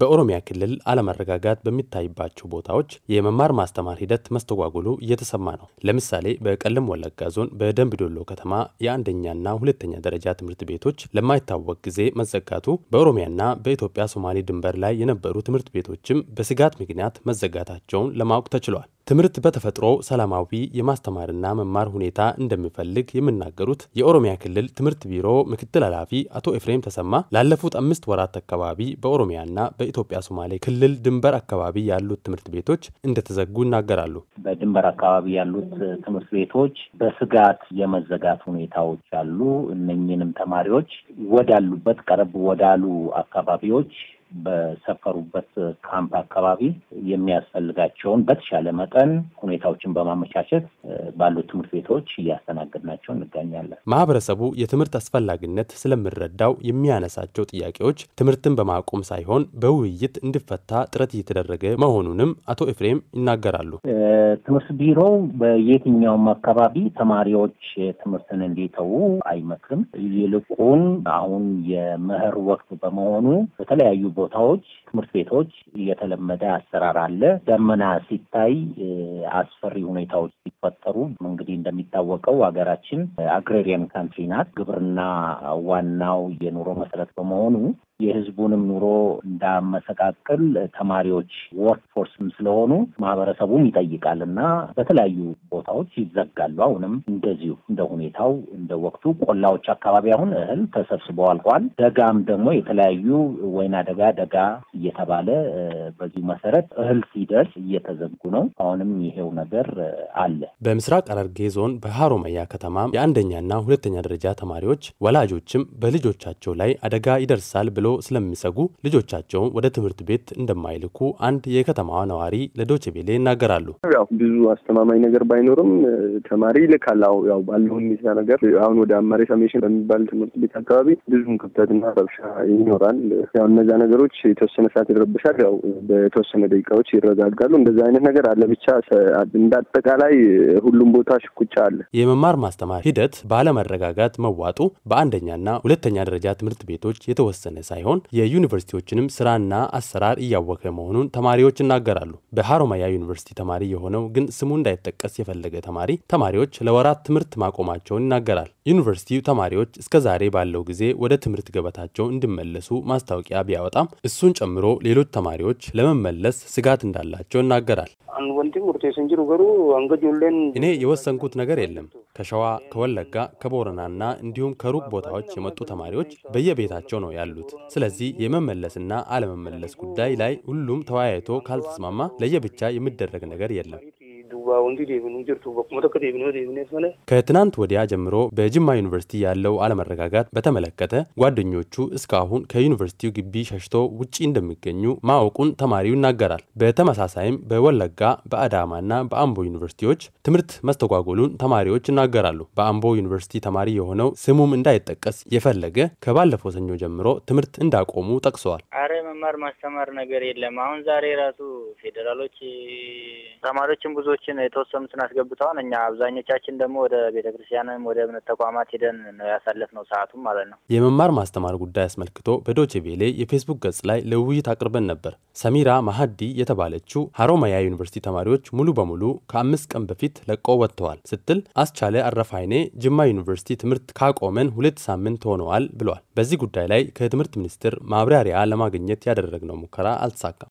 በኦሮሚያ ክልል አለመረጋጋት በሚታይባቸው ቦታዎች የመማር ማስተማር ሂደት መስተጓጉሉ እየተሰማ ነው። ለምሳሌ በቀለም ወለጋ ዞን በደንብ ዶሎ ከተማ የአንደኛና ሁለተኛ ደረጃ ትምህርት ቤቶች ለማይታወቅ ጊዜ መዘጋቱ፣ በኦሮሚያና በኢትዮጵያ ሶማሌ ድንበር ላይ የነበሩ ትምህርት ቤቶችም በስጋት ምክንያት መዘጋታቸውን ለማወቅ ተችሏል። ትምህርት በተፈጥሮ ሰላማዊ የማስተማርና መማር ሁኔታ እንደሚፈልግ የሚናገሩት የኦሮሚያ ክልል ትምህርት ቢሮ ምክትል ኃላፊ አቶ ኤፍሬም ተሰማ ላለፉት አምስት ወራት አካባቢ በኦሮሚያና በኢትዮጵያ ሶማሌ ክልል ድንበር አካባቢ ያሉት ትምህርት ቤቶች እንደተዘጉ ይናገራሉ። በድንበር አካባቢ ያሉት ትምህርት ቤቶች በስጋት የመዘጋት ሁኔታዎች አሉ። እነኝንም ተማሪዎች ወዳሉበት ቀረብ ወዳሉ አካባቢዎች በሰፈሩበት ካምፕ አካባቢ የሚያስፈልጋቸውን በተሻለ መጠን ሁኔታዎችን በማመቻቸት ባሉት ትምህርት ቤቶች እያስተናገድናቸው እንገኛለን። ማህበረሰቡ የትምህርት አስፈላጊነት ስለምረዳው የሚያነሳቸው ጥያቄዎች ትምህርትን በማቆም ሳይሆን በውይይት እንዲፈታ ጥረት እየተደረገ መሆኑንም አቶ ኤፍሬም ይናገራሉ። ትምህርት ቢሮው በየትኛውም አካባቢ ተማሪዎች ትምህርትን እንዲተዉ አይመክርም። ይልቁን አሁን የመኸር ወቅት በመሆኑ በተለያዩ ቦታዎች፣ ትምህርት ቤቶች የተለመደ አሰራር አለ። ደመና ሲታይ አስፈሪ ሁኔታዎች ሲፈጠሩ እንግዲህ እንደሚታወቀው ሀገራችን አግሬሪየን ካንትሪ ናት። ግብርና ዋናው የኑሮ መሰረት በመሆኑ የህዝቡንም ኑሮ እንዳመሰቃቅል ተማሪዎች ወርክ ፎርስም ስለሆኑ ማህበረሰቡም ይጠይቃል እና በተለያዩ ቦታዎች ይዘጋሉ። አሁንም እንደዚሁ እንደ ሁኔታው እንደ ወቅቱ ቆላዎች አካባቢ አሁን እህል ተሰብስቦ አልቋል። ደጋም ደግሞ የተለያዩ ወይና ደጋ ደጋ እየተባለ በዚሁ መሰረት እህል ሲደርስ እየተዘጉ ነው። አሁንም ይሄው ነገር አለ። በምስራቅ ሐረርጌ ዞን በሀሮማያ ከተማ የአንደኛና ሁለተኛ ደረጃ ተማሪዎች ወላጆችም በልጆቻቸው ላይ አደጋ ይደርሳል ብሎ ስለሚሰጉ ልጆቻቸውን ወደ ትምህርት ቤት እንደማይልኩ አንድ የከተማዋ ነዋሪ ለዶችቤሌ ይናገራሉ። ያው ብዙ አስተማማኝ ነገር ባይኖርም ተማሪ ይልካል። ያው ባለውን ነገር አሁን ወደ አማሬ ፋርሜሽን በሚባል ትምህርት ቤት አካባቢ ብዙም ክፍተትና ረብሻ ይኖራል። ያው እነዚያ ነገሮች የተወሰነ ሰዓት ይረብሻል፣ ያው በተወሰነ ደቂቃዎች ይረጋጋሉ። እንደዛ አይነት ነገር አለ። ብቻ እንዳጠቃላይ ሁሉም ቦታ ሽኩቻ አለ። የመማር ማስተማር ሂደት ባለመረጋጋት መዋጡ በአንደኛና ሁለተኛ ደረጃ ትምህርት ቤቶች የተወሰነ ሳይሆን የዩኒቨርሲቲዎችንም ስራና አሰራር እያወከ መሆኑን ተማሪዎች ይናገራሉ። በሀሮማያ ዩኒቨርሲቲ ተማሪ የሆነው ግን ስሙ እንዳይጠቀስ የፈለገ ተማሪ ተማሪዎች ለወራት ትምህርት ማቆማቸውን መሆናቸውን ይናገራል። ዩኒቨርሲቲው ተማሪዎች እስከ ዛሬ ባለው ጊዜ ወደ ትምህርት ገበታቸው እንዲመለሱ ማስታወቂያ ቢያወጣም እሱን ጨምሮ ሌሎች ተማሪዎች ለመመለስ ስጋት እንዳላቸው ይናገራል። እኔ የወሰንኩት ነገር የለም። ከሸዋ፣ ከወለጋ፣ ከቦረናና እንዲሁም ከሩቅ ቦታዎች የመጡ ተማሪዎች በየቤታቸው ነው ያሉት። ስለዚህ የመመለስና አለመመለስ ጉዳይ ላይ ሁሉም ተወያይቶ ካልተስማማ ለየብቻ የሚደረግ ነገር የለም። ከትናንት ወዲያ ጀምሮ በጅማ ዩኒቨርሲቲ ያለው አለመረጋጋት በተመለከተ ጓደኞቹ እስካሁን ከዩኒቨርሲቲው ግቢ ሸሽተው ውጪ እንደሚገኙ ማወቁን ተማሪው ይናገራል። በተመሳሳይም በወለጋ በአዳማና በአምቦ ዩኒቨርሲቲዎች ትምህርት መስተጓጎሉን ተማሪዎች ይናገራሉ። በአምቦ ዩኒቨርሲቲ ተማሪ የሆነው ስሙም እንዳይጠቀስ የፈለገ ከባለፈው ሰኞ ጀምሮ ትምህርት እንዳቆሙ ጠቅሰዋል። አረ መማር ማስተማር ነገር የለም። አሁን ዛሬ ራሱ ፌዴራሎች ተማሪዎችን ብዙዎችን የተወሰኑትን አስገብተዋል። እኛ አብዛኞቻችን ደግሞ ወደ ቤተ ክርስቲያንም ወደ እምነት ተቋማት ሄደን ነው ያሳለፍነው ሰዓቱም ማለት ነው። የመማር ማስተማር ጉዳይ አስመልክቶ በዶቼ ቬሌ የፌስቡክ ገጽ ላይ ለውይይት አቅርበን ነበር። ሰሚራ ማሀዲ የተባለችው ሀሮማያ ዩኒቨርሲቲ ተማሪዎች ሙሉ በሙሉ ከአምስት ቀን በፊት ለቀው ወጥተዋል ስትል አስቻለ አረፋይኔ ጅማ ዩኒቨርሲቲ ትምህርት ካቆመን ሁለት ሳምንት ሆነዋል ብሏል። በዚህ ጉዳይ ላይ ከትምህርት ሚኒስቴር ማብራሪያ ለማግኘት ያደረግነው ሙከራ አልተሳካም።